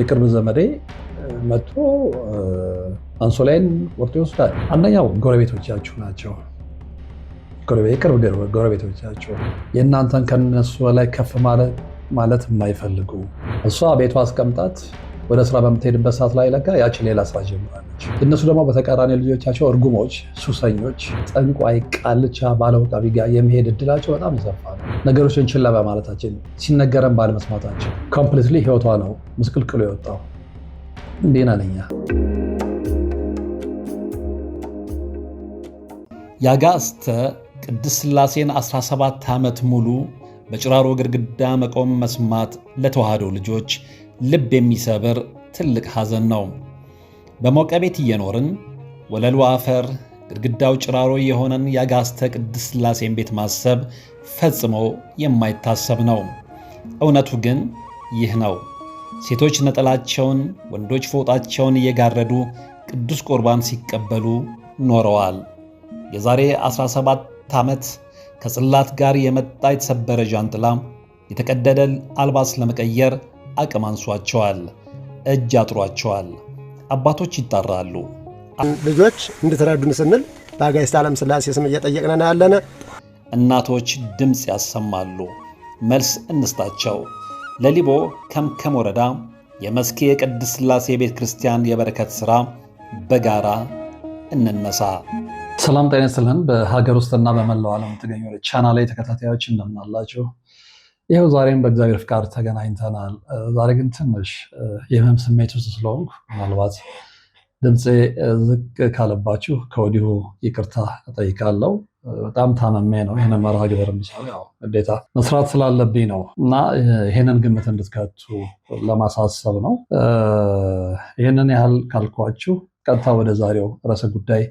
የቅርብ ዘመዴ መጥቶ አንሶላይን ቆርጦ ይወስዳል። አንደኛው ጎረቤቶቻችሁ ናቸው። የቅርብ ጎረቤቶቻችሁ የእናንተን ከነሱ ላይ ከፍ ማለት የማይፈልጉ እሷ ቤቷ አስቀምጣት ወደ ስራ በምትሄድበት ሰዓት ላይ ለጋ ያችን ሌላ ስራ ጀምራለች። እነሱ ደግሞ በተቃራኒ ልጆቻቸው እርጉሞች፣ ሱሰኞች፣ ጠንቋይ፣ ቃልቻ፣ ባለውቃቢ ጋር የመሄድ እድላቸው በጣም የሰፋ ነው። ነገሮችን ችላ በማለታችን ሲነገረን ባለመስማታቸው ኮምፕሊትሊ ህይወቷ ነው ምስቅልቅሉ የወጣው እንዴና ነኛ ያጋስተ ቅድስት ስላሴን 17 ዓመት ሙሉ በጭራሮ ግድግዳ መቆም መስማት ለተዋህዶ ልጆች ልብ የሚሰብር ትልቅ ሐዘን ነው። በሞቀ ቤት እየኖርን ወለሉ አፈር ግድግዳው ጭራሮ የሆነን የአጋስተ ቅድስት ሥላሴን ቤት ማሰብ ፈጽሞ የማይታሰብ ነው። እውነቱ ግን ይህ ነው። ሴቶች ነጠላቸውን፣ ወንዶች ፎጣቸውን እየጋረዱ ቅዱስ ቁርባን ሲቀበሉ ኖረዋል። የዛሬ 17 ዓመት ከጽላት ጋር የመጣ የተሰበረ ዣንጥላ የተቀደደ አልባስ ለመቀየር አቅም አንሷቸዋል፣ እጅ አጥሯቸዋል። አባቶች ይጣራሉ። ልጆች እንድትረዱን ስንል በአጋዕዝተ ዓለም ሥላሴ ስም እየጠየቅነን ያለነ። እናቶች ድምፅ ያሰማሉ። መልስ እንስጣቸው። ለሊቦ ከምከም ወረዳ የመስኬ ቅድስት ሥላሴ የቤተ ክርስቲያን የበረከት ሥራ በጋራ እንነሳ። ሰላም ጤና ይስጥልን። በሀገር ውስጥና በመላው ዓለም የምትገኙ ቻና ላይ ተከታታዮች እንደምናላችሁ ይኸው ዛሬም በእግዚአብሔር ፍቃድ ተገናኝተናል። ዛሬ ግን ትንሽ የህመም ስሜት ውስጥ ስለሆንኩ ምናልባት ድምፄ ዝቅ ካለባችሁ ከወዲሁ ይቅርታ እጠይቃለሁ። በጣም ታመሜ ነው ይህን መርሃ ግብር የምሰራው ግዴታ መስራት ስላለብኝ ነው እና ይህንን ግምት እንድትከቱ ለማሳሰብ ነው። ይህንን ያህል ካልኳችሁ ቀጥታ ወደ ዛሬው ርዕሰ ጉዳይ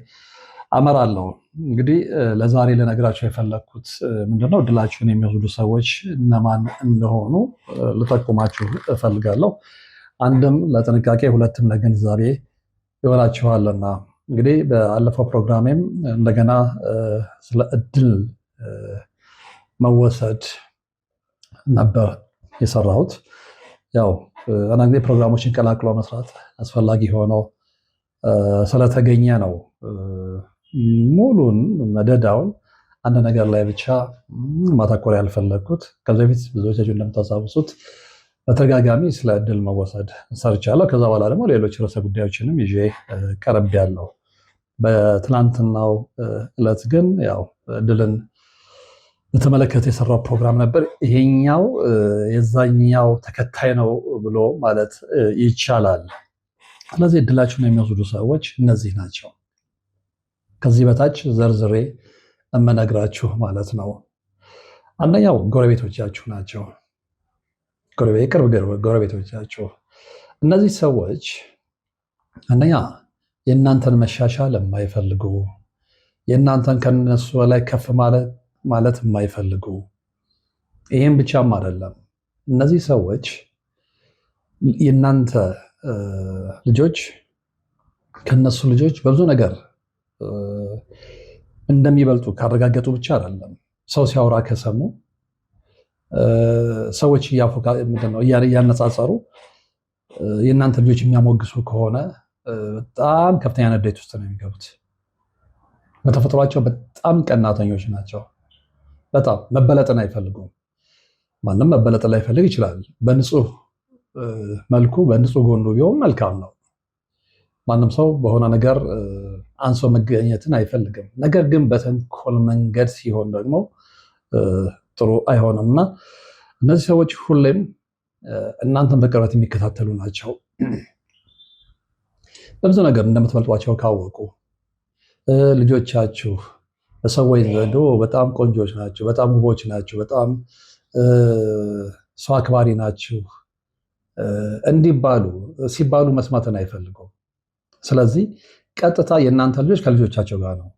አመራለሁ። እንግዲህ ለዛሬ ልነግራቸው የፈለግኩት ምንድነው እድላችሁን የሚወስዱ ሰዎች እነማን እንደሆኑ ልጠቁማችሁ እፈልጋለሁ። አንድም ለጥንቃቄ፣ ሁለትም ለግንዛቤ ይሆናችኋልና። እንግዲህ በአለፈው ፕሮግራሜም እንደገና ስለ እድል መወሰድ ነበር የሰራሁት። ያው አንዳንድ ጊዜ ፕሮግራሞችን ቀላቅሎ መስራት አስፈላጊ ሆኖ ስለተገኘ ነው። ሙሉን መደዳውን አንድ ነገር ላይ ብቻ ማተኮር ያልፈለግኩት ከዚ በፊት ብዙዎቻችሁ እንደምታሳውሱት በተደጋጋሚ ስለ እድል መወሰድ ሰርቻለሁ። ከዛ በኋላ ደግሞ ሌሎች ርዕሰ ጉዳዮችንም ይዤ ቀረብ ያለው በትናንትናው እለት ግን ያው እድልን በተመለከተ የሰራው ፕሮግራም ነበር። ይሄኛው የዛኛው ተከታይ ነው ብሎ ማለት ይቻላል። ስለዚህ እድላችሁን የሚወስዱ ሰዎች እነዚህ ናቸው። ከዚህ በታች ዘርዝሬ እመነግራችሁ ማለት ነው። አንደኛው ጎረቤቶቻችሁ ናቸው። የቅርብ ጎረቤቶቻችሁ እነዚህ ሰዎች አንደኛ የእናንተን መሻሻል የማይፈልጉ የእናንተን ከነሱ በላይ ከፍ ማለት የማይፈልጉ ይህም ብቻም አይደለም። እነዚህ ሰዎች የእናንተ ልጆች ከነሱ ልጆች በብዙ ነገር እንደሚበልጡ ካረጋገጡ ብቻ አይደለም ሰው ሲያወራ ከሰሙ ሰዎች እያነጻጸሩ የእናንተ ልጆች የሚያሞግሱ ከሆነ በጣም ከፍተኛ ንዴት ውስጥ ነው የሚገቡት። በተፈጥሯቸው በጣም ቀናተኞች ናቸው። በጣም መበለጥን አይፈልጉም። ማንም መበለጥ ላይፈልግ ይችላል። በንጹህ መልኩ በንጹህ ጎኑ ቢሆን መልካም ነው። ማንም ሰው በሆነ ነገር አንሶ መገኘትን አይፈልግም። ነገር ግን በተንኮል መንገድ ሲሆን ደግሞ ጥሩ አይሆንም እና እነዚህ ሰዎች ሁሌም እናንተን በቅርበት የሚከታተሉ ናቸው። በብዙ ነገር እንደምትበልጧቸው ካወቁ ልጆቻችሁ በሰዎች ዘንድ በጣም ቆንጆች ናቸው፣ በጣም ውቦች ናቸው፣ በጣም ሰው አክባሪ ናችሁ እንዲባሉ ሲባሉ መስማትን አይፈልጉም። ስለዚህ ቀጥታ የእናንተ ልጆች ከልጆቻቸው ጋር ነው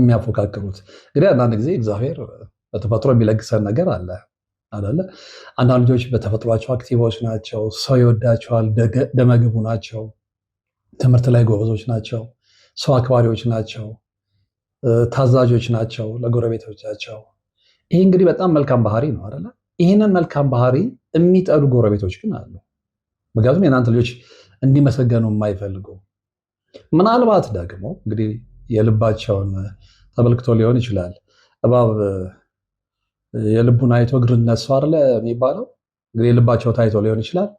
የሚያፎካክሩት። እንግዲህ አንዳንድ ጊዜ እግዚአብሔር በተፈጥሮ የሚለግሰን ነገር አለ አለ። አንዳንድ ልጆች በተፈጥሯቸው አክቲቮች ናቸው፣ ሰው ይወዳቸዋል፣ ደመግቡ ናቸው፣ ትምህርት ላይ ጎበዞች ናቸው፣ ሰው አክባሪዎች ናቸው፣ ታዛዦች ናቸው ለጎረቤቶቻቸው። ይሄ እንግዲህ በጣም መልካም ባህሪ ነው አለ። ይህንን መልካም ባህሪ የሚጠሉ ጎረቤቶች ግን አሉ። ምክንያቱም የእናንተ ልጆች እንዲመሰገኑ የማይፈልጉ ምናልባት ደግሞ እንግዲህ የልባቸውን ተመልክቶ ሊሆን ይችላል። እባብ የልቡን አይቶ እግሩን ነሱ አለ የሚባለው? እንግዲህ የልባቸው ታይቶ ሊሆን ይችላል።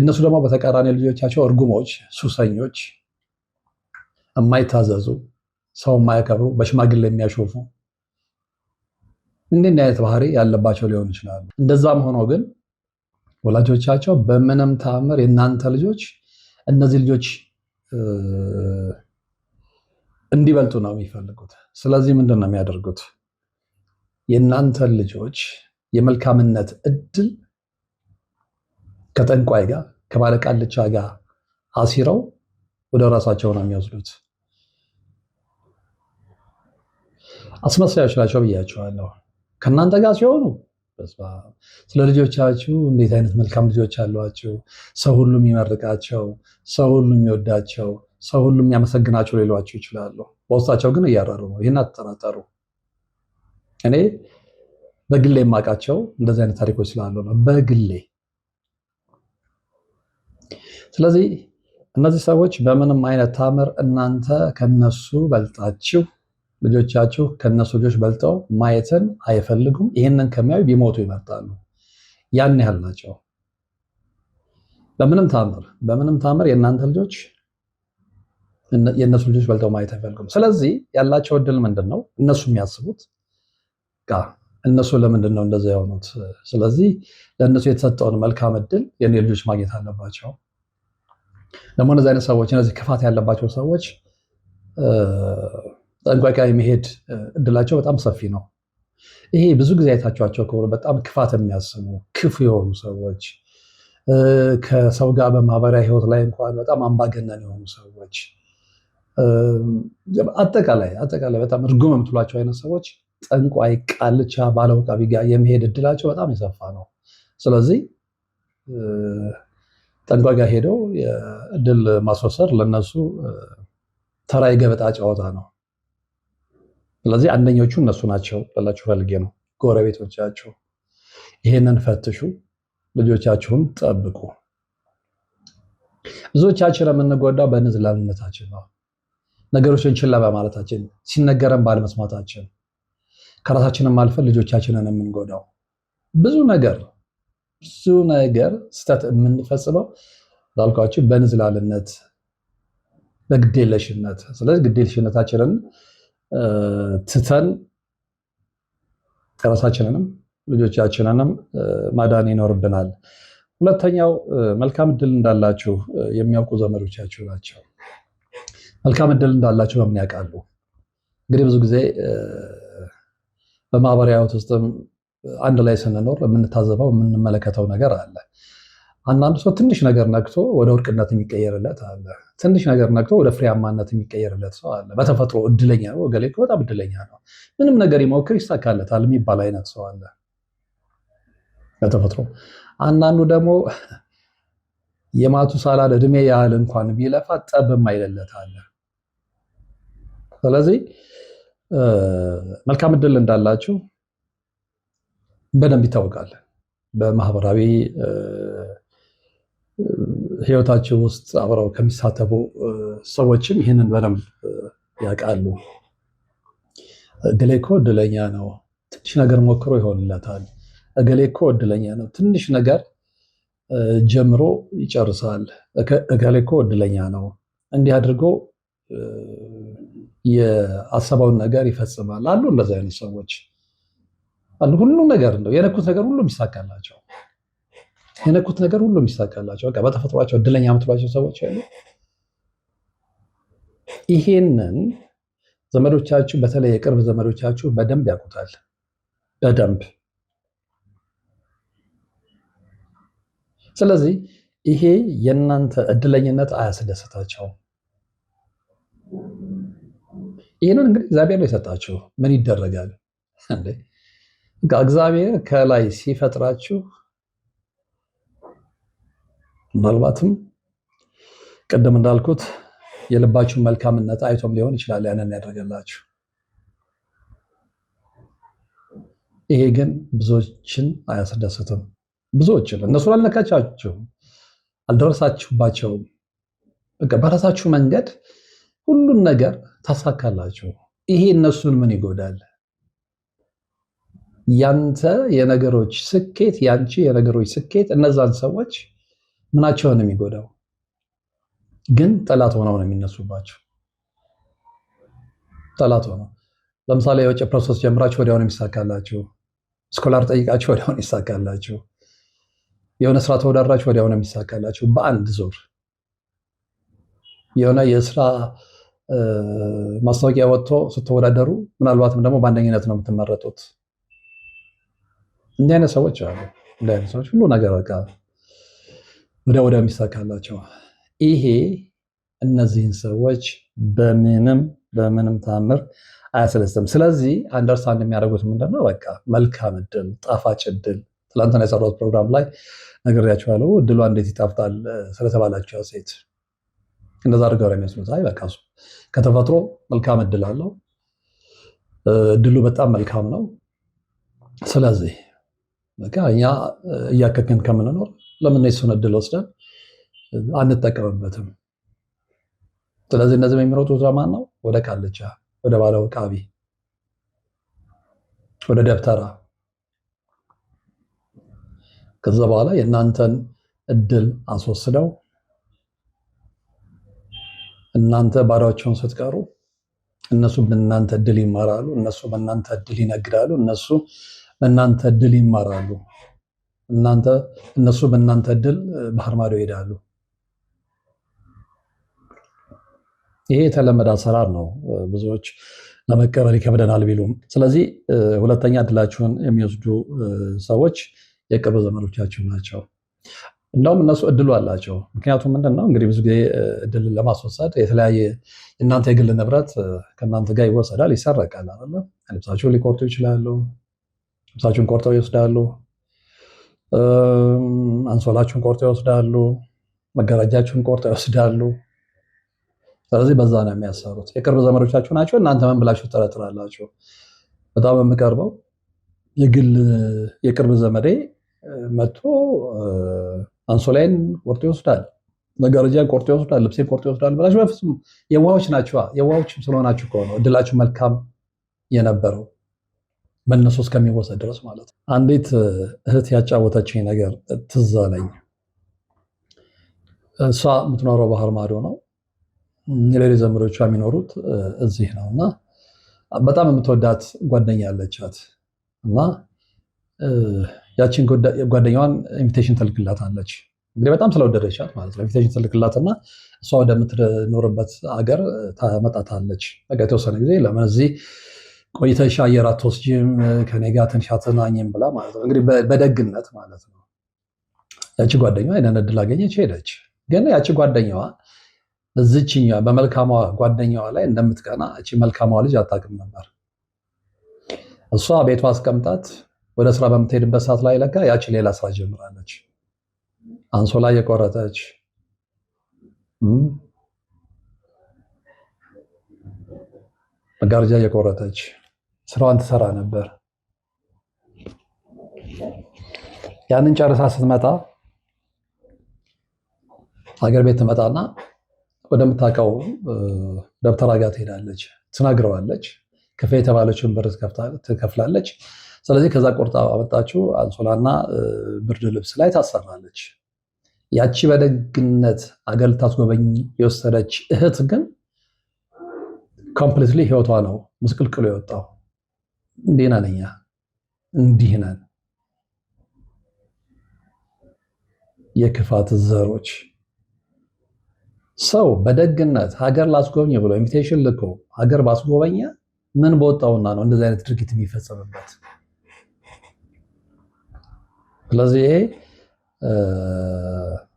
እነሱ ደግሞ በተቃራኒ ልጆቻቸው እርጉሞች፣ ሱሰኞች፣ የማይታዘዙ፣ ሰው የማያከብሩ፣ በሽማግሌ የሚያሾፉ እንዲህ አይነት ባህሪ ያለባቸው ሊሆኑ ይችላሉ። እንደዛም ሆኖ ግን ወላጆቻቸው በምንም ታምር የእናንተ ልጆች እነዚህ ልጆች እንዲበልጡ ነው የሚፈልጉት። ስለዚህ ምንድን ነው የሚያደርጉት? የእናንተ ልጆች የመልካምነት እድል ከጠንቋይ ጋር ከባለቃልቻ ጋር አሲረው ወደ ራሳቸው ነው የሚወስዱት። አስመሳዮች ናቸው ብያቸዋለሁ። ከእናንተ ጋር ሲሆኑ ስለ ልጆቻችሁ እንዴት አይነት መልካም ልጆች አሏችሁ፣ ሰው ሁሉ የሚመርቃቸው፣ ሰው ሁሉ የሚወዳቸው፣ ሰው ሁሉ የሚያመሰግናቸው ሌሏቸው ይችላሉ። በውስጣቸው ግን እያረሩ ነው። ይህን አትጠራጠሩ። እኔ በግሌ የማውቃቸው እንደዚህ አይነት ታሪኮች ስላሉ ነው በግሌ። ስለዚህ እነዚህ ሰዎች በምንም አይነት ታምር እናንተ ከነሱ በልጣችሁ ልጆቻችሁ ከነሱ ልጆች በልጠው ማየትን አይፈልጉም። ይህንን ከሚያዩ ቢሞቱ ይመርጣሉ። ያን ያህል ናቸው። በምንም ታምር በምንም ታምር የእናንተ ልጆች የእነሱ ልጆች በልተው ማየት አይፈልጉም። ስለዚህ ያላቸው እድል ምንድን ነው? እነሱ የሚያስቡት ጋር እነሱ ለምንድን ነው እንደዚ የሆኑት? ስለዚህ ለእነሱ የተሰጠውን መልካም እድል የኔ ልጆች ማግኘት አለባቸው። ደግሞ እነዚህ አይነት ሰዎች እነዚህ ክፋት ያለባቸው ሰዎች ጠንቋይ የመሄድ እድላቸው በጣም ሰፊ ነው። ይሄ ብዙ ጊዜ አይታችኋቸው ከሆነ በጣም ክፋት የሚያስቡ ክፉ የሆኑ ሰዎች፣ ከሰው ጋር በማህበራዊ ህይወት ላይ እንኳን በጣም አምባገነን የሆኑ ሰዎች፣ አጠቃላይ አጠቃላይ በጣም እርጉም የምትሏቸው አይነት ሰዎች ጠንቋይ፣ ቃልቻ፣ ባለውቃቢ ጋር የመሄድ እድላቸው በጣም የሰፋ ነው። ስለዚህ ጠንቋይ ጋር ሄደው የእድል ማስወሰድ ለነሱ ተራ የገበጣ ጨዋታ ነው። ስለዚህ አንደኞቹ እነሱ ናቸው ላላችሁ ፈልጌ ነው። ጎረቤቶቻችሁ ይሄንን ፈትሹ፣ ልጆቻችሁን ጠብቁ። ብዙዎቻችን የምንጎዳው በንዝላልነታችን ነው። ነገሮችን ችላ በማለታችን፣ ሲነገረን ባለመስማታችን፣ ከራሳችንም አልፈን ልጆቻችንን የምንጎዳው ብዙ ነገር ብዙ ነገር ስህተት የምንፈጽመው ላልኳችሁ በንዝላልነት በግዴለሽነት። ስለዚህ ግዴለሽነታችንን ትተን ራሳችንንም ልጆቻችንንም ማዳን ይኖርብናል። ሁለተኛው መልካም እድል እንዳላችሁ የሚያውቁ ዘመዶቻችሁ ናቸው። መልካም እድል እንዳላችሁ በምን ያውቃሉ? እንግዲህ ብዙ ጊዜ በማህበራዊ ሕይወት ውስጥም አንድ ላይ ስንኖር የምንታዘበው የምንመለከተው ነገር አለ። አንዳንዱ ሰው ትንሽ ነገር ነክቶ ወደ ውድቅነት የሚቀየርለት አለ። ትንሽ ነገር ነክቶ ወደ ፍሬያማነት የሚቀየርለት ሰው አለ። በተፈጥሮ እድለኛ ነው፣ እገሌ በጣም እድለኛ ነው፣ ምንም ነገር ይሞክር ይሳካለታል የሚባል አይነት ሰው አለ በተፈጥሮ። አንዳንዱ ደግሞ የማቱሳላን እድሜ ያህል እንኳን ቢለፋ ጠብ የማይልለት አለ። ስለዚህ መልካም እድል እንዳላችሁ በደንብ ይታወቃል በማህበራዊ ህይወታቸው ውስጥ አብረው ከሚሳተፉ ሰዎችም ይህንን በደንብ ያውቃሉ። እገሌ እኮ እድለኛ ነው፣ ትንሽ ነገር ሞክሮ ይሆንለታል። እገሌ እኮ እድለኛ ነው፣ ትንሽ ነገር ጀምሮ ይጨርሳል። እገሌ እኮ እድለኛ ነው፣ እንዲህ አድርጎ የአሰባውን ነገር ይፈጽማል አሉ። እንደዚህ አይነት ሰዎች አሉ። ሁሉ ነገር ነው የነኩት ነገር ሁሉም ይሳካላቸው። የነኩት ነገር ሁሉም ይሳካላቸው። በቃ በተፈጥሯቸው እድለኛ የምትሏቸው ሰዎች አሉ። ይሄንን ዘመዶቻችሁ፣ በተለይ የቅርብ ዘመዶቻችሁ በደንብ ያውቁታል። በደንብ ስለዚህ ይሄ የእናንተ እድለኝነት አያስደስታቸውም። ይህንን እንግዲህ እግዚአብሔር ነው የሰጣችሁ። ምን ይደረጋል? እግዚአብሔር ከላይ ሲፈጥራችሁ ምናልባትም ቅድም እንዳልኩት የልባችሁን መልካምነት አይቶም ሊሆን ይችላል ያንን ያደርገላችሁ። ይሄ ግን ብዙዎችን አያስደስትም። ብዙዎችን እነሱን አልነካቻችሁም፣ አልደረሳችሁባቸውም። በቃ በራሳችሁ መንገድ ሁሉን ነገር ታሳካላችሁ። ይሄ እነሱን ምን ይጎዳል? ያንተ የነገሮች ስኬት፣ ያንቺ የነገሮች ስኬት እነዛን ሰዎች ምናቸውን ነው የሚጎዳው? ግን ጠላት ሆነው ነው የሚነሱባቸው። ጠላት ሆነው ለምሳሌ የውጭ ፕሮሰስ ጀምራችሁ ወዲያውኑ የሚሳካላችሁ፣ ስኮላር ጠይቃችሁ ወዲያውኑ ይሳካላችሁ። የሆነ ስራ ተወዳድራችሁ ወዲያውኑ የሚሳካላችሁ በአንድ ዙር የሆነ የስራ ማስታወቂያ ወጥቶ ስትወዳደሩ ምናልባትም ደግሞ በአንደኝነት ነው የምትመረጡት። እንዲህ አይነት ሰዎች አሉ። እንዲህ አይነት ሰዎች ሁሉ ነገር በቃ ወደ ወደ ይሳካላቸዋል። ይሄ እነዚህን ሰዎች በምንም በምንም ታምር አያስለስትም። ስለዚህ አንደርስታንድ የሚያደርጉት ምንድነው? በቃ መልካም እድል፣ ጣፋጭ እድል። ትላንትና የሰራሁት ፕሮግራም ላይ ነግሬያቸዋለሁ። እድሏ እንዴት ይጣፍጣል ስለተባላቸው ሴት እንደዛ አድርገው ነው የሚመስሉት። አይ በቃ እሱ ከተፈጥሮ መልካም እድል አለው። እድሉ በጣም መልካም ነው። ስለዚህ በቃ እኛ እያከክን ከምንኖር ለምን የሱን እድል ወስደን አንጠቀምበትም? ስለዚህ እነዚህ የሚሮጡት ለማን ነው? ወደ ቃልቻ፣ ወደ ባለ ውቃቢ፣ ወደ ደብተራ። ከዛ በኋላ የእናንተን እድል አስወስደው እናንተ ባዳዎቸውን ስትቀሩ እነሱ በእናንተ እድል ይማራሉ። እነሱ በእናንተ እድል ይነግዳሉ። እነሱ በእናንተ እድል ይማራሉ። እናንተ እነሱ በእናንተ እድል ባህር ማዶ ይሄዳሉ። ይሄ የተለመደ አሰራር ነው። ብዙዎች ለመቀበል ይከብደናል ቢሉም፣ ስለዚህ ሁለተኛ እድላችሁን የሚወስዱ ሰዎች የቅርብ ዘመዶቻችሁ ናቸው። እንደውም እነሱ እድሉ አላቸው። ምክንያቱም ምንድን ነው እንግዲህ ብዙ ጊዜ እድል ለማስወሰድ የተለያየ እናንተ የግል ንብረት ከእናንተ ጋር ይወሰዳል፣ ይሰረቃል አለ ልብሳችሁን ሊቆርጡ ይችላሉ። ልብሳችሁን ቆርጠው ይወስዳሉ። አንሶላችሁን ቆርጦ ይወስዳሉ፣ መጋረጃችሁን ቆርጦ ይወስዳሉ። ስለዚህ በዛ ነው የሚያሰሩት። የቅርብ ዘመዶቻችሁ ናቸው። እናንተ ምን ብላችሁ ትጠረጥራላችሁ? በጣም የምቀርበው የግል የቅርብ ዘመዴ መጥቶ አንሶላይን ቆርጦ ይወስዳል፣ መጋረጃን ቆርጦ ይወስዳል፣ ልብሴን ቆርጦ ይወስዳል ብላችሁ በፍጹም የዋሆች ናቸዋ። የዋሆች ስለሆናችሁ ከሆነ እድላችሁ መልካም የነበረው መነሱ እስከሚወሰድ ድረስ ማለት ነው። አንዲት እህት ያጫወተችኝ ነገር ትዝ አለኝ። እሷ የምትኖረው ባህር ማዶ ነው። ሌሎች ዘመዶቿ የሚኖሩት እዚህ ነው እና በጣም የምትወዳት ጓደኛ ያለቻት እና ያችን ጓደኛዋን ኢንቪቴሽን አለች። እንግዲህ በጣም ስለወደደቻት ማለት ነው። ኢንቪቴሽን እና እሷ ወደምትኖርበት ሀገር ተመጣታለች። በቃ የተወሰነ ጊዜ ለምን እዚህ ቆይተሽ አየር አትወስጂም ከኔ ጋር ትንሽ አትዝናኝም ብላ ማለት ነው እንግዲህ በደግነት ማለት ነው። ያቺ ጓደኛዋ ሄደን እድል አገኘች ሄደች። ግን ያቺ ጓደኛዋ እዚችኛዋ በመልካማ ጓደኛዋ ላይ እንደምትቀና እቺ መልካሟ ልጅ አታውቅም ነበር። እሷ ቤቷ አስቀምጣት ወደ ስራ በምትሄድበት ሰዓት ላይ ለካ ያቺ ሌላ ስራ ጀምራለች። አንሶላ የቆረጠች መጋረጃ የቆረጠች ስራዋን ትሰራ ነበር። ያንን ጨርሳ ስትመጣ ሀገር ቤት ትመጣና ወደምታውቀው ደብተራ ጋር ትሄዳለች፣ ትነግረዋለች። ክፈይ የተባለችውን ብር ትከፍላለች። ስለዚህ ከዛ ቆርጣ አመጣችው አንሶላና ብርድ ልብስ ላይ ታሰራለች። ያቺ በደግነት አገር ልታስጎበኝ የወሰደች እህት ግን ኮምፕሊትሊ ህይወቷ ነው ምስቅልቅሎ የወጣው። እንዴና ነኛ እንዲህ ነን። የክፋት ዘሮች ሰው በደግነት ሀገር ላስጎብኝ ብሎ ኢንቪቴሽን ልኮ ሀገር ባስጎበኘ ምን በወጣውና ነው እንደዚህ አይነት ድርጊት የሚፈጸምበት? ስለዚህ ይሄ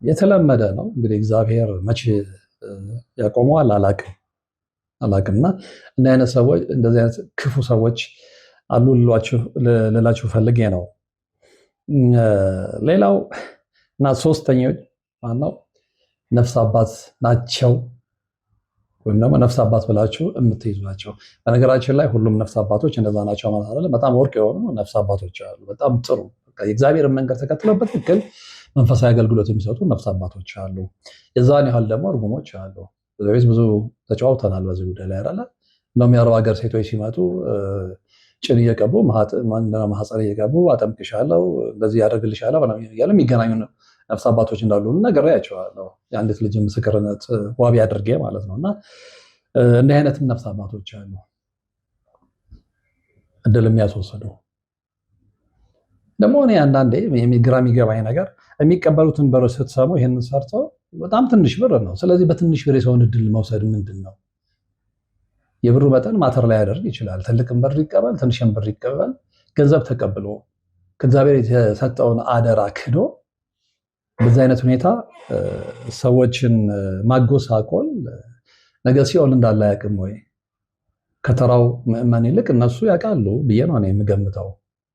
የተለመደ ነው። እንግዲህ እግዚአብሔር መቼ ያቆመዋል አላቅም አላቅምና እንደዚህ እንደዚህ አይነት ክፉ ሰዎች አሉ ልላችሁ ፈልጌ ነው። ሌላው እና ሶስተኛው ዋናው ነፍስ አባት ናቸው ወይም ደግሞ ነፍስ አባት ብላችሁ የምትይዟቸው። በነገራችን ላይ ሁሉም ነፍስ አባቶች እንደዛ ናቸው ማለት አይደለም። በጣም ወርቅ የሆኑ ነፍስ አባቶች አሉ። በጣም ጥሩ የእግዚአብሔርን መንገድ ተከትለው በትክክል መንፈሳዊ አገልግሎት የሚሰጡ ነፍስ አባቶች አሉ። የዛን ያህል ደግሞ እርጉሞች አሉ። ብዙ ተጫዋውተናል በዚህ ጉዳይ ላይ አይደለ። እንደውም የአረብ ሀገር ሴቶች ሲመጡ ጭን እየቀቡ ማህፀር እየቀቡ አጠምቅሻለሁ እንደዚህ ያደርግልሻለሁ እያለ የሚገናኙ ነፍስ አባቶች እንዳሉ ነግሬያቸዋለሁ። የአንዲት ልጅ ምስክርነት ዋቢ አድርጌ ማለት ነው። እና እንዲህ አይነትም ነፍስ አባቶች አሉ እድል የሚያስወስዱ ደግሞ እኔ አንዳንዴ ግራ የሚገባኝ ነገር የሚቀበሉትን ብር ስትሰሙ ይህንን ሰርተው በጣም ትንሽ ብር ነው። ስለዚህ በትንሽ ብር የሰውን እድል መውሰድ ምንድን ነው? የብሩ መጠን ማተር ላይ ያደርግ ይችላል። ትልቅን ብር ይቀበል፣ ትንሽን ብር ይቀበል። ገንዘብ ተቀብሎ ከእግዚአብሔር የተሰጠውን አደራ ክዶ በዚህ አይነት ሁኔታ ሰዎችን ማጎሳቆል ነገ ሲኦል እንዳለ አያውቅም ወይ? ከተራው ምዕመን ይልቅ እነሱ ያውቃሉ ብዬ ነው የምገምተው።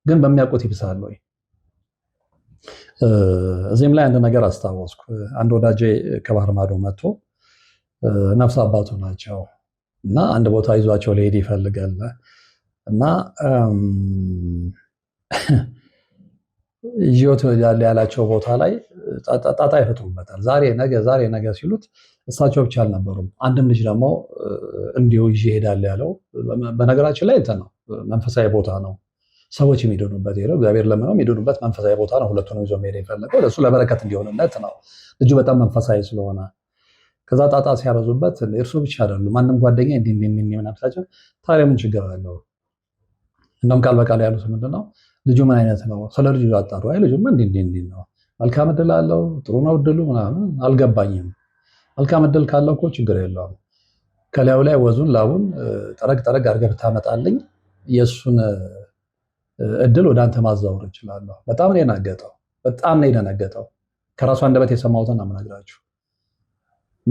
ግን በሚያውቁት ይብሳል ወይ? እዚህም ላይ አንድ ነገር አስታወስኩ። አንድ ወዳጄ ከባህር ማዶ መጥቶ ነፍስ አባቱ ናቸው እና አንድ ቦታ ይዟቸው ሊሄድ ይፈልጋል እና ይዞት ያላቸው ቦታ ላይ ጣጣ ይፈጥሩበታል። ዛሬ ነገ፣ ዛሬ ነገ ሲሉት እሳቸው ብቻ አልነበሩም። አንድም ልጅ ደግሞ እንዲሁ ይዤ እሄዳለሁ ያለው በነገራችን ላይ እንትን ነው፣ መንፈሳዊ ቦታ ነው። ሰዎች የሚድኑበት ሄደው እግዚአብሔር ለምነው የሚድኑበት መንፈሳዊ ቦታ ነው። ሁለቱንም ይዞ መሄድ የፈለገው ለእሱ ለበረከት እንዲሆንለት ነው። ልጁ በጣም መንፈሳዊ ስለሆነ ከዛ ጣጣ ሲያበዙበት እርሱ ብቻ አይደሉ ማንም ጓደኛ እንዲህ እንዲህ እንዲህ ምናምን ታዲያ ምን ችግር አለው? እንደውም ቃል በቃል ያሉት ምንድን ነው ልጁ ምን አይነት ነው? ስለ ልጁ አጣሩ። አይ እንዲህ እንዲህ እንዲህ ነው፣ መልካም እድል አለው፣ ጥሩ ነው እድሉ ምናምን አልገባኝም። መልካም እድል ካለው እኮ ችግር የለውም። ከላዩ ላይ ወዙን ላቡን ጠረግ ጠረግ አድርገህ ብታመጣልኝ የእሱን እድል ወደ አንተ ማዛወር እችላለሁ። በጣም ነው በጣም ነው የደነገጠው። ከራሱ አንደበት የሰማሁትን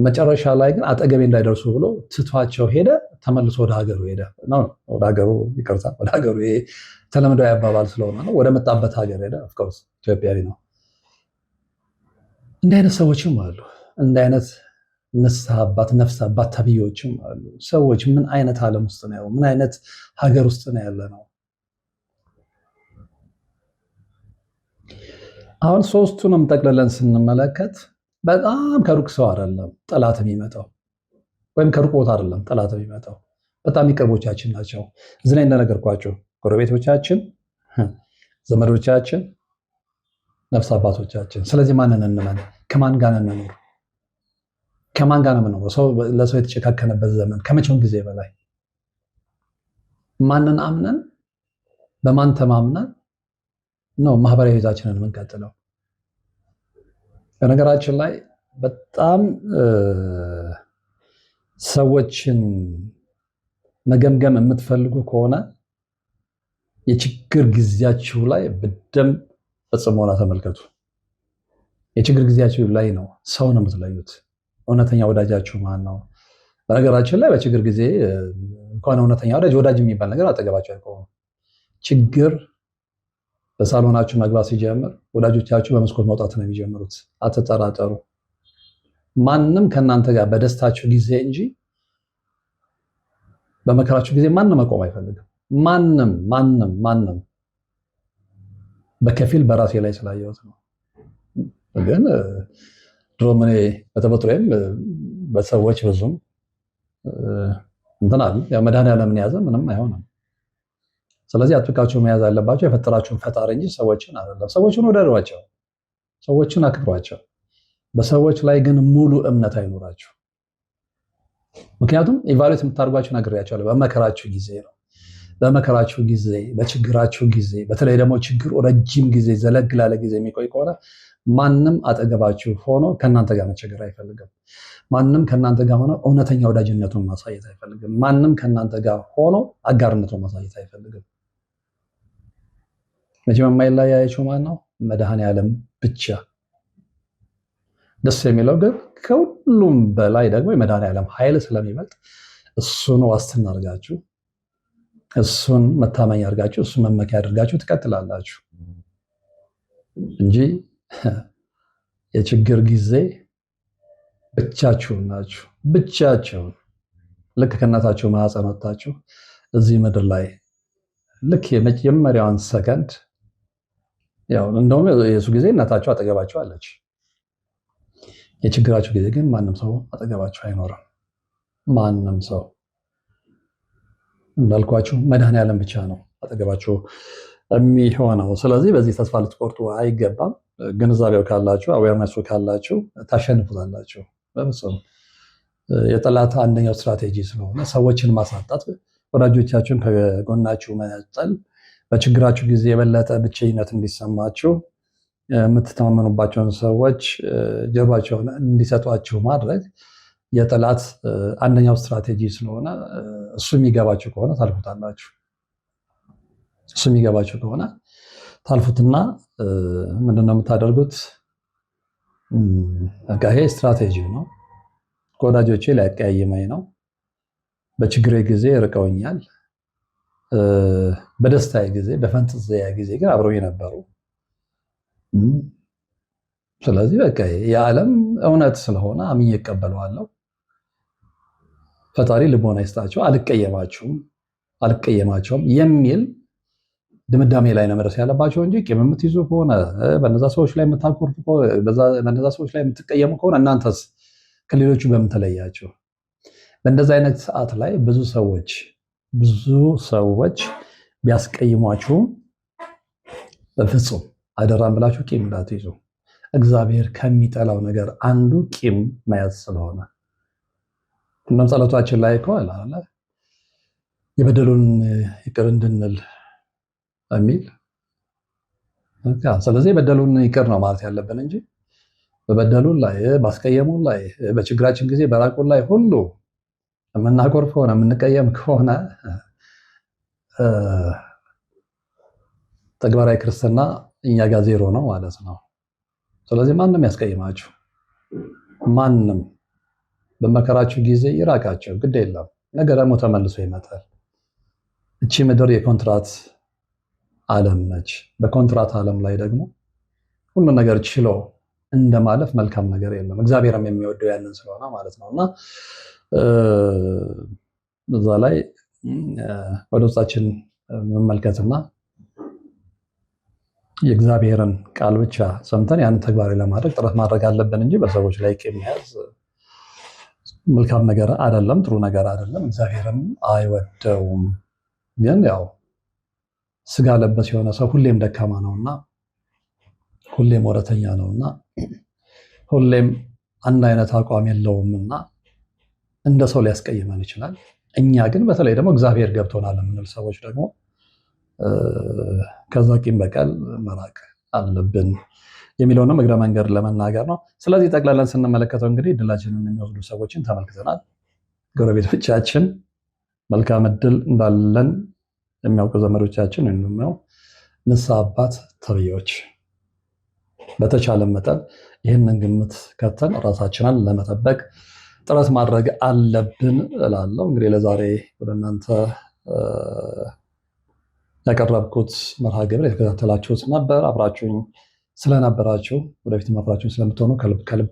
መጨረሻ ላይ ግን አጠገቤ እንዳይደርሱ ብሎ ትቷቸው ሄደ። ተመልሶ ወደ ሀገሩ ሄደ። ወደ ሀገሩ ይቅርታ፣ ወደ ሀገሩ ይሄ ተለምዶ ያባባል ስለሆነ ነው። ወደ መጣበት ሀገር ሄደ። ኦፍኮርስ ኢትዮጵያዊ ነው። እንዲህ አይነት ሰዎችም አሉ። እንዲህ አይነት ንስሐ አባት ነፍስ አባት ተብዮችም አሉ። ሰዎች ምን አይነት ዓለም ውስጥ ነው? ምን አይነት ሀገር ውስጥ ነው ያለ ነው? አሁን ሶስቱንም ጠቅልለን ስንመለከት በጣም ከሩቅ ሰው አይደለም ጠላት የሚመጣው፣ ወይም ከሩቅ ቦታ አይደለም ጠላት የሚመጣው። በጣም የቅርቦቻችን ናቸው። እዚህ ላይ እንደነገርኳቸው ጎረቤቶቻችን፣ ዘመዶቻችን፣ ነፍስ አባቶቻችን። ስለዚህ ማንን እንመን? ከማን ጋር እንኖር? ከማን ጋር ነው የምንኖረው? ለሰው የተጨካከነበት ዘመን ከመቼውም ጊዜ በላይ ማንን አምነን በማን ተማምነን ነው ማህበራዊ ቤዛችንን የምንቀጥለው? በነገራችን ላይ በጣም ሰዎችን መገምገም የምትፈልጉ ከሆነ የችግር ጊዜያችሁ ላይ በደንብ በጽሞና ተመልከቱ። የችግር ጊዜያችሁ ላይ ነው ሰው ነው የምትለዩት። እውነተኛ ወዳጃችሁ ማን ነው? በነገራችን ላይ በችግር ጊዜ እንኳን እውነተኛ ወዳጅ ወዳጅ የሚባል ነገር አጠገባቸው አይቆምም። ችግር በሳሎናችሁ መግባት ሲጀምር ወዳጆቻችሁ በመስኮት መውጣት ነው የሚጀምሩት። አትጠራጠሩ። ማንም ከእናንተ ጋር በደስታችሁ ጊዜ እንጂ በመከራችሁ ጊዜ ማንም መቆም አይፈልግም። ማንም ማንም ማንም በከፊል በራሴ ላይ ስላየሁት ነው። ግን ድሮም እኔ ወይም በሰዎች ብዙም እንትን አሉ። መድኃኒዓለምን የያዘ ምንም አይሆንም ስለዚህ አጥብቃችሁ መያዝ አለባቸው የፈጠራችሁን ፈጣሪ እንጂ ሰዎችን አይደለም። ሰዎችን ወደዷቸው፣ ሰዎችን አክብሯቸው። በሰዎች ላይ ግን ሙሉ እምነት አይኖራችሁ። ምክንያቱም ኢቫሉዌት የምታደርጓቸው ነግሬያቸዋለሁ። በመከራችሁ ጊዜ ነው። በመከራችሁ ጊዜ፣ በችግራችሁ ጊዜ፣ በተለይ ደግሞ ችግር ረጅም ጊዜ ዘለግ ላለ ጊዜ የሚቆይ ከሆነ ማንም አጠገባችሁ ሆኖ ከእናንተ ጋር መቸገር አይፈልግም። ማንም ከእናንተ ጋር ሆኖ እውነተኛ ወዳጅነቱን ማሳየት አይፈልግም። ማንም ከእናንተ ጋር ሆኖ አጋርነቱን ማሳየት አይፈልግም። መቼም የማይለያያቸው ማን ነው? መድኃኔ ዓለም ብቻ። ደስ የሚለው ግን ከሁሉም በላይ ደግሞ የመድኃኔ ዓለም ኃይል ስለሚበልጥ እሱን ዋስትና አድርጋችሁ፣ እሱን መታመኝ አድርጋችሁ፣ እሱን መመኪያ አድርጋችሁ ትቀጥላላችሁ እንጂ የችግር ጊዜ ብቻችሁን ናችሁ። ብቻችሁን ልክ ከእናታችሁ ማህፀን ወጥታችሁ እዚህ ምድር ላይ ልክ የመጀመሪያዋን ሰከንድ ያው እንደውም የሱ ጊዜ እናታቸው አጠገባቸው አለች። የችግራቸው ጊዜ ግን ማንም ሰው አጠገባቸው አይኖርም። ማንም ሰው እንዳልኳችሁ መድኃኔዓለም ብቻ ነው አጠገባቸው የሚሆነው። ስለዚህ በዚህ ተስፋ ልትቆርጡ አይገባም። ግንዛቤው ካላችሁ፣ አዌርነሱ ካላችሁ ታሸንፉታላችሁ። በፍጹም የጠላት አንደኛው ስትራቴጂ ስለሆነ ሰዎችን ማሳጣት፣ ወዳጆቻችሁን ከጎናችሁ መጠል በችግራችሁ ጊዜ የበለጠ ብቸኝነት እንዲሰማችሁ የምትተማመኑባቸውን ሰዎች ጀርባቸውን እንዲሰጧችሁ ማድረግ የጠላት አንደኛው ስትራቴጂ ስለሆነ እሱ የሚገባችሁ ከሆነ ታልፉታላችሁ። እሱ የሚገባችሁ ከሆነ ታልፉትና ምንድነው የምታደርጉት? ይሄ ስትራቴጂ ነው። ከወዳጆቼ ላይቀያይመኝ ነው። በችግሬ ጊዜ ርቀውኛል። በደስታ ጊዜ በፈንጠዝያ ጊዜ ግን አብረው የነበሩ ስለዚህ በቃ የዓለም እውነት ስለሆነ አምኜ እቀበለዋለሁ። ፈጣሪ ልቦና ይስጣቸው። አልቀየማችሁም አልቀየማቸውም የሚል ድምዳሜ ላይ ነው መድረስ ያለባቸው እንጂ ቂም የምትይዙ ከሆነ በነዛ ሰዎች ላይ የምታኮርፉ በነዛ ሰዎች ላይ የምትቀየሙ ከሆነ እናንተስ ከሌሎቹ በምን ተለያችሁ? በእንደዚህ አይነት ሰዓት ላይ ብዙ ሰዎች ብዙ ሰዎች ቢያስቀይሟችሁም በፍጹም አደራ ብላችሁ ቂም እንዳትይዙ። እግዚአብሔር ከሚጠላው ነገር አንዱ ቂም መያዝ ስለሆነ እናም ጸሎታችን ላይ ከዋል አለ የበደሉን ይቅር እንድንል የሚል ስለዚህ የበደሉን ይቅር ነው ማለት ያለብን እንጂ በበደሉን ላይ፣ ባስቀየሙን ላይ፣ በችግራችን ጊዜ በራቁን ላይ ሁሉ የምናቆርፍ ከሆነ የምንቀየም ከሆነ ተግባራዊ ክርስትና እኛ ጋር ዜሮ ነው ማለት ነው። ስለዚህ ማንም ያስቀይማችሁ፣ ማንም በመከራችሁ ጊዜ ይራቃቸው፣ ግድ የለም ነገ ደግሞ ተመልሶ ይመጣል። እቺ ምድር የኮንትራት ዓለም ነች። በኮንትራት ዓለም ላይ ደግሞ ሁሉ ነገር ችሎ እንደማለፍ መልካም ነገር የለም። እግዚአብሔርም የሚወደው ያንን ስለሆነ ማለት ነው እና በዛ ላይ ወደ ውስጣችን መመልከትና የእግዚአብሔርን ቃል ብቻ ሰምተን ያንን ተግባራዊ ለማድረግ ጥረት ማድረግ አለብን እንጂ በሰዎች ላይ የሚያዝ መልካም ነገር አይደለም፣ ጥሩ ነገር አይደለም፣ እግዚአብሔርም አይወደውም። ግን ያው ስጋ ለበስ የሆነ ሰው ሁሌም ደካማ ነውና፣ ሁሌም ወረተኛ ነውና፣ ሁሌም አንድ አይነት አቋም የለውምና እንደ ሰው ሊያስቀይመን ይችላል። እኛ ግን በተለይ ደግሞ እግዚአብሔር ገብቶናል የምንል ሰዎች ደግሞ ከዛ ቂም በቀል መራቅ አለብን የሚለውንም እግረ መንገድ ለመናገር ነው። ስለዚህ ጠቅላለን ስንመለከተው እንግዲህ እድላችንን የሚወስዱ ሰዎችን ተመልክተናል። ጎረቤቶቻችን መልካም እድል እንዳለን የሚያውቁ ዘመዶቻችን ወይም ንስሐ አባት ተብዬዎች በተቻለ መጠን ይህንን ግምት ከተን ራሳችንን ለመጠበቅ ጥረት ማድረግ አለብን እላለሁ። እንግዲህ ለዛሬ ወደ እናንተ ያቀረብኩት መርሃ ግብር የተከታተላችሁት ነበር። አብራችሁኝ ስለነበራችሁ ወደፊት አብራችሁኝ ስለምትሆኑ ከልብ ከልብ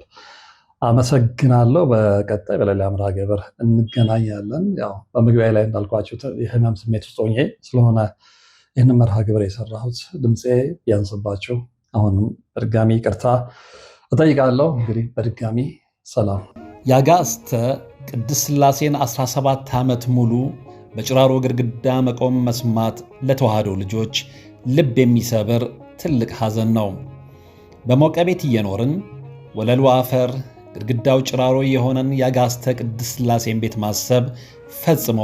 አመሰግናለሁ። በቀጣይ በሌላ መርሃ ግብር እንገናኛለን። ያው በመግቢያ ላይ እንዳልኳቸው የህመም ስሜት ውስጥ ሆኜ ስለሆነ ይህንን መርሃ ግብር የሰራሁት ድምፄ ቢያንስባችሁ አሁንም በድጋሚ ቅርታ እጠይቃለሁ። እንግዲህ በድጋሚ ሰላም ያጋስተ ቅድስት ሥላሴን 17 ዓመት ሙሉ በጭራሮ ግድግዳ መቆም መስማት ለተዋህዶ ልጆች ልብ የሚሰብር ትልቅ ሐዘን ነው። በሞቀ ቤት እየኖርን ወለሉ አፈር፣ ግድግዳው ጭራሮ የሆነን ያጋስተ ቅድስት ሥላሴን ቤት ማሰብ ፈጽሞ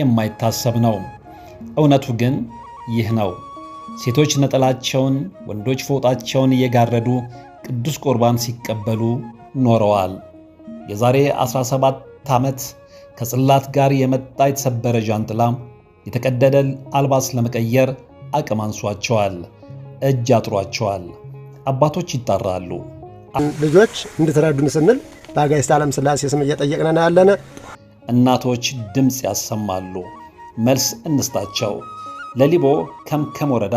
የማይታሰብ ነው። እውነቱ ግን ይህ ነው። ሴቶች ነጠላቸውን፣ ወንዶች ፎጣቸውን እየጋረዱ ቅዱስ ቁርባን ሲቀበሉ ኖረዋል። የዛሬ 17 ዓመት ከጽላት ጋር የመጣ የተሰበረ ዣንጥላ የተቀደደ አልባስ ለመቀየር አቅም አንሷቸዋል፣ እጅ አጥሯቸዋል። አባቶች ይጣራሉ። ልጆች እንድትረዱን ስንል በአጋዕዝተ ዓለም ሥላሴ ስም እየጠየቅነን ያለነ እናቶች ድምፅ ያሰማሉ። መልስ እንስጣቸው። ለሊቦ ከምከም ወረዳ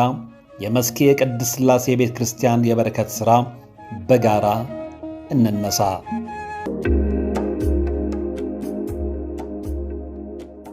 የመስኬ የቅድስት ሥላሴ ቤተ ክርስቲያን የበረከት ሥራ በጋራ እንነሳ።